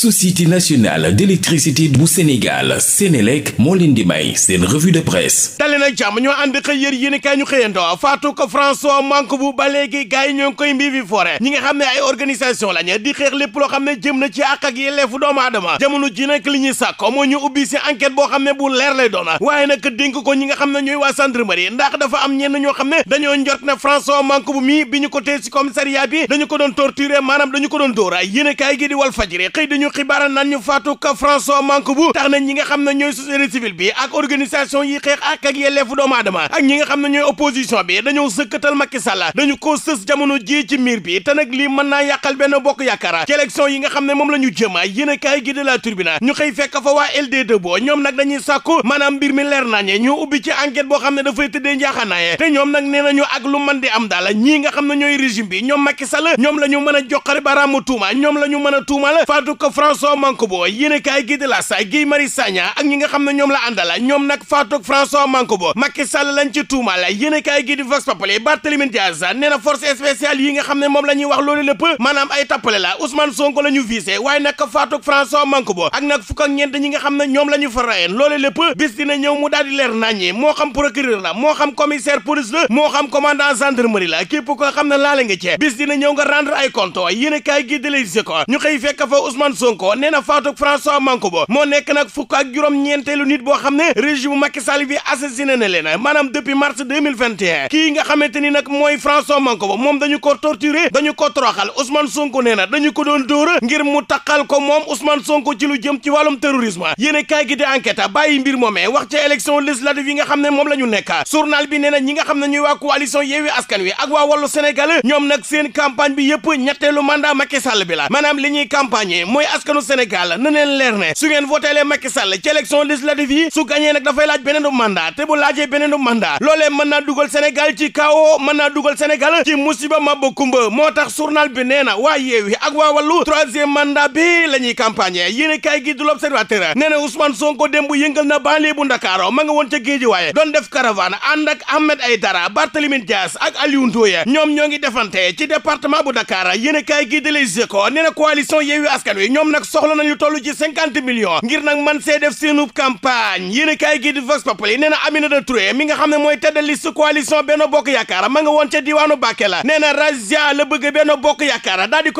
société nationale d'électricité bu Sénégal Sénélec moo leen di may seen revue de presse dali nag jàmm ñoo ànd xëy yër yéen kaay ñu xëyandoo faatu ko François Mancabou ba léegi gars yi ñoo koy mbii fi foore ñi nga xam ne ay organisation lañu di xeex lépp loo xam ne jëm na ci àq ak yelleefu doomu aadama jamono ji nag li ñuy sàkko moo ñu ubbi si enquête boo xam ne bu leer lay doona waaye nag dénk ko ñi nga xam ne ñooy waa gendarmerie ndax dafa am ñenn ñu xibaara naan ñu faatu ka François Mancabou tax na ñi nga xam ne ñooy société civile bi ak organisation yi xeex ak ak yelleefu doomu aadama ak ñi nga xam ne ñooy opposition bi dañoo sëkkatal Macky Sall dañu koo sës jamono ji ci miir bi te nag lii mën naa yàqal benn bokk yaakaar ci yi nga xam ne moom la ñu jëma yéen a kaay gi de la Tribune ñu xëy fekk fa waa LD2 boo ñoom nag dañuy sàkku maanaam mbir mi leer nañe ñu ubbi ci enquête boo xam ne dafay tëddee nga xam ne ñooy régime bi ñoom Macky Sall ñoom la ñu a joxari baraamu tuuma ñoom la ñu mën a tuumal faatu François Mankobo yéenekaay gi di L'As Guy Marius Sagna ak ñi nga xam ne ñoom la àndala ñoom nag faatug François Mankobo Macky Sall lañ ci tuumal yéenekaay gi di Vox Populi Barthélémy Dias nee na force spéciale yi xam ne moom la ñuy wax loolu lépp maanaam ay tappale la Ousmane Sonko la ñu visé waaye nag faatug François Mankobo ak nag fukk ak ñeent ñi xam ne ñoom la ñu fa rayeen loolu lépp bis dina ñëw mu daal leer naññi moo moo xam commissaire Sonko nee na faatu François Mankuba moo nekk nag fukk ak juróom-ñeenteelu nit boo xam ne régime Macky Sall bi assassiné na leen maanaam depuis mars 2021 kii nga xamante ni nag mooy François Mankuba moom dañu ko torturé dañu ko toroxal Ousmane Sonko nee na dañu ko doon dóor ngir mu taqal ko moom Ousmane Sonko ci lu jëm ci wàllum terrorisme yéen kaay gi di enquête bàyyi mbir moomee wax ca élection législative yi nga xam ne moom la ñu nekk bi nee na ñi nga xam ne ñuy waa la maanaam li ñuy askanu Sénégal na leen leer ne su ngeen voteelee Macky Sall ci élection législative yi su gañee nag dafay laaj beneen mandat te bu laajee beneen mandat loolee mën naa dugal Sénégal ci kawo mën naa dugal Sénégal ci musiba mabba kumba moo tax journal bi nee na waa Yewwi ak waa Wallu troisième mandat bi la ñuy campagne yéen kay gi du l'Observateur nee na Ousmane Sonko démb yëngal na banlieue bu Ndakaaro ma nga woon ca Guédiawaye doon def caravane ànd ak Ahmed Aïdara Barthélémy Dias ak Aliou Ndoye ñoom ñoo ngi defante ci département bu Dakar yéen kay gi de Les Échos nee na coalition Askan Wi ñoom nag soxla nañu toll ci cinquante millions ngir nag man see def seenub campagne yéen a kaay gi na mi nga xam ne mooy tête de liste coalition Yaakaar ma nga woon ca diwaanu Bakel nee na razia la bëgg Benno Bokk Yaakaar daal di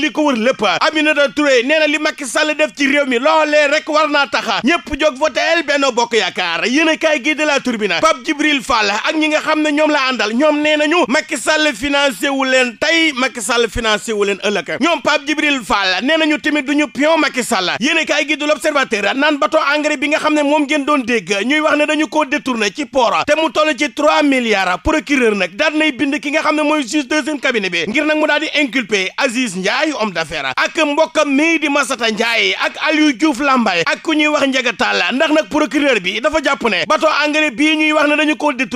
li ko wër lépp Aminata Touré nee na li Macky Sall def ci réew mi loolee rek war naa taxa ñëpp jóg voteel Benno Bokk Yaakaar yéen a kaay gi de la Tribune Pape Djibril ñi nga xam ne ñoom la àndal ñoom nee nañu Macky Sall financé wu leen tey Macky Sall financé wu leen ëllëg ñoom nañu tamit du ñu pion Macky Sall yéene kaay gi du l'observateur naan bateau engrais nga xam ne moom ngeen doon dégg ñuy wax ne dañu koo détourné ci port te mu toll ci trois milliards procureur nag daal nay bind nga xam ne mooy juge deuxième cabinet bi ngir nag mu daal di inculpé Aziz Ndiaye homme d'affaires ak mbokkam mii di Massata Ndiaye ak Aliou Diouf Lambaye ak ku ñuy wax Ndiaga Tall ndax nag procureur bi dafa jàpp ne bateau engrais bii wax ne dañu koo ni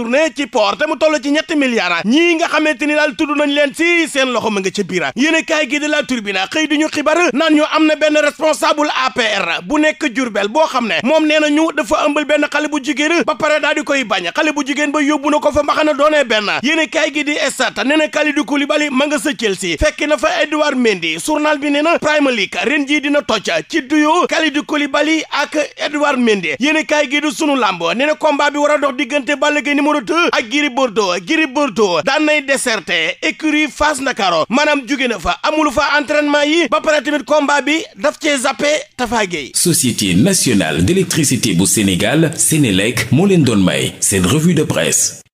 daal tudd nañ seen loxo ma nga ca biira nan ñu am na benn responsable APR bu nekk Jurbel boo xam ne moom nee na ñu dafa ëmbal benn xale bu jigéen ba pare daal di koy bañ xale bu jigéen ba yóbbu na ko fa mbaxana doonee benn yéen kaay gi di Stades nee na Kalidou Koulibaly ma nga sa Chelsea fekk na fa Edouard Mendy journal bi nee na Premier League ren jii dina tocc ci duyo Kalidou Koulibaly ak Edouard Mendy yéen kaay gi sunu lamboo nee na combat bi war dox diggante Balla Gaye numéro 2 ak Gris Bordeaux Gris Bordeaux daan nay déserté écurie Fass maanaam jóge na fa amul fa entraînement yi ba pare combat bi daf cee zappé Tafa Gueye société nationale d'électricité bu Sénégal Sénélec moo leen doon may seen revue de presse